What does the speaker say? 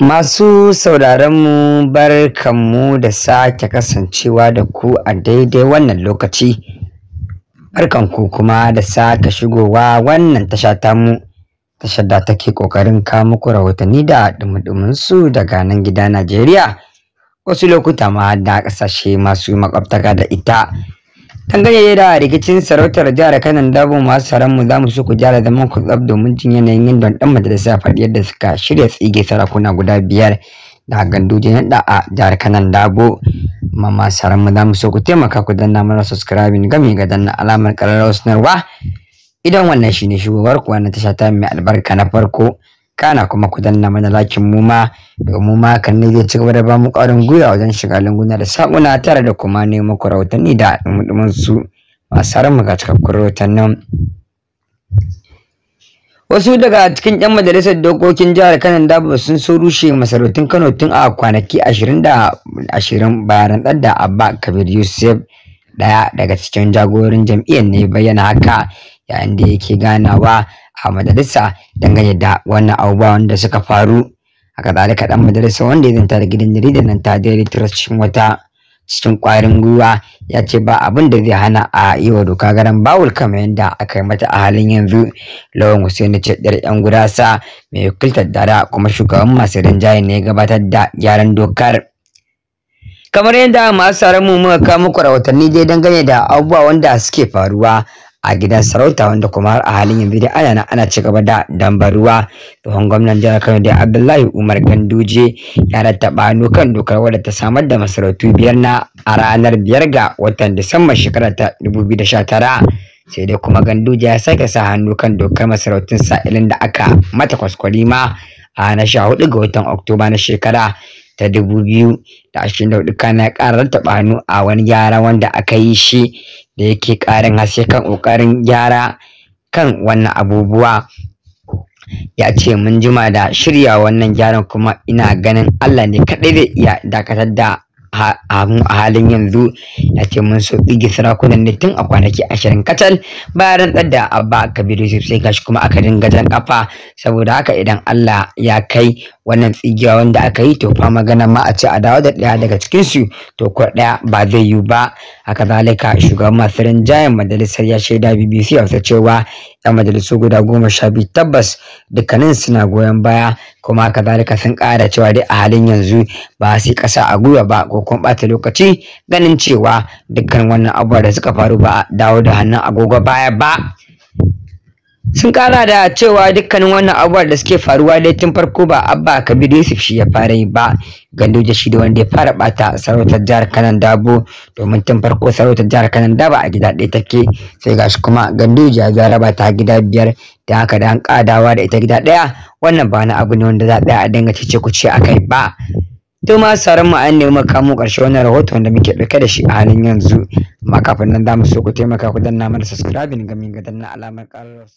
Masu sauraronmu barkanmu da sake kasancewa da ku a daidai wannan lokaci. Barkanku kuma da sake shigowa wannan tasha tamu, tashar da take ƙoƙarin kawo muku rahotanni da dumudumunsu daga nan gida Najeriya, wasu lokuta ma da ƙasashe masu makwabtaka da ita. ya da rikicin sarautar jihar kanan dabo masu sauran mu za mu so ku jihar zaman ku tsab domin jin yanayin yin don dan majalisa faɗi yadda suka shirya tsige sarakuna guda biyar da gandoji na da a jihar kanan dabo mama sauran mu za mu so ku taimaka ku danna mana subscribing gami ga danna alamar ƙararrawar sanarwa idan wannan shine shugabar ku na tasha ta mai albarka na farko kana kuma ku danna mana lakin mu ma domin ma kan ne zai ci gaba da ba mu ƙwarin gwiwa wajen shiga lunguna da saƙuna tare da kuma nemo ku rahotanni da dumudumin su masu muka cika cikakkun rahotannin wasu daga cikin 'yan majalisar dokokin jihar kano ba sun so rushe masarautun kano tun a kwanaki ashirin da ashirin bayan da abba kabir yusuf ɗaya daga cikin jagorin jam'iyyar ne bayyana haka yayin da yake ganawa a majalisa dangane da wannan abubuwan da suka faru a zalika dan majalisa wanda ya zanta da gidan jaridar nan ta daily trust wata cikin kwarin gwiwa ya ce ba abin da zai hana a yi wa doka garan bawul kamar yadda aka yi mata a halin yanzu lawan hussein ce ɗar yan gudasa mai wakiltar dara kuma shugaban masu rinjaye ne gabatar da gyaran dokar kamar yadda masu mu muka kawo muku dai dangane da abubuwa wanda suke faruwa a gidan sarauta wanda kuma a halin yanzu dai ana ana ci gaba da dambaruwa tsohon gwamnan jihar Kano dai Abdullahi Umar Ganduje ya rattaba hannu kan dokar wadda ta samar da masarautu biyar na a ranar biyar ga watan Disamba shekarar ta 2019 sai dai kuma Ganduje ya sake sa hannu kan dokar masarautun sa'ilin da aka mata kwaskwari ma a na 14 ga watan oktoba na shekara ta 2024 da ashirin da hudu kana a wani gyara wanda aka yi shi da yake ƙarin haske kan ƙoƙarin gyara kan wannan abubuwa ya ce mun jima da shirya wannan gyaran kuma ina ganin Allah ne kaɗai zai iya dakatar da a halin yanzu ya ce mun so ɗigi sarakunan ne tun a kwanaki ashirin kacal bayan rantsar da abba kabiru sai gashi kuma aka dinga jan kafa saboda haka idan Allah ya kai wannan tsigiya wanda aka yi to fa magana ma a ce a dawo da ɗaya daga cikin su to ko ɗaya ba zai yiwu ba haka zalika shugaban masu rinjayen majalisar ya shaida bbc hausa cewa yan majalisu guda goma sha biyu tabbas dukkanin suna goyon baya kuma haka zalika sun ƙara cewa dai a halin yanzu ba su ƙasa a gwiwa ba ko kuma ɓata lokaci ganin cewa dukkan wannan abubuwa da suka faru ba a dawo da hannun agogo baya ba sun kara da cewa dukkanin wannan abubuwan da suke faruwa dai tun farko ba abba kabir yusuf shi ya fara yi ba gando da shi da wanda ya fara bata sarautar jihar kanan dabo domin tun farko sarautar jihar kanan daba a gida ɗaya take sai gashi kuma gando ya raba ta gida biyar da haka da an kadawa da ita gida ɗaya wannan ba wani abu ne wanda za a dinga ce ku ce akai ba to ma sauran mu an nemi kamo ƙarshe wannan rahoton wanda muke ɗauke da shi a halin yanzu amma kafin nan za mu so ku taimaka ku danna mana subscribing min ga danna alamar ƙarar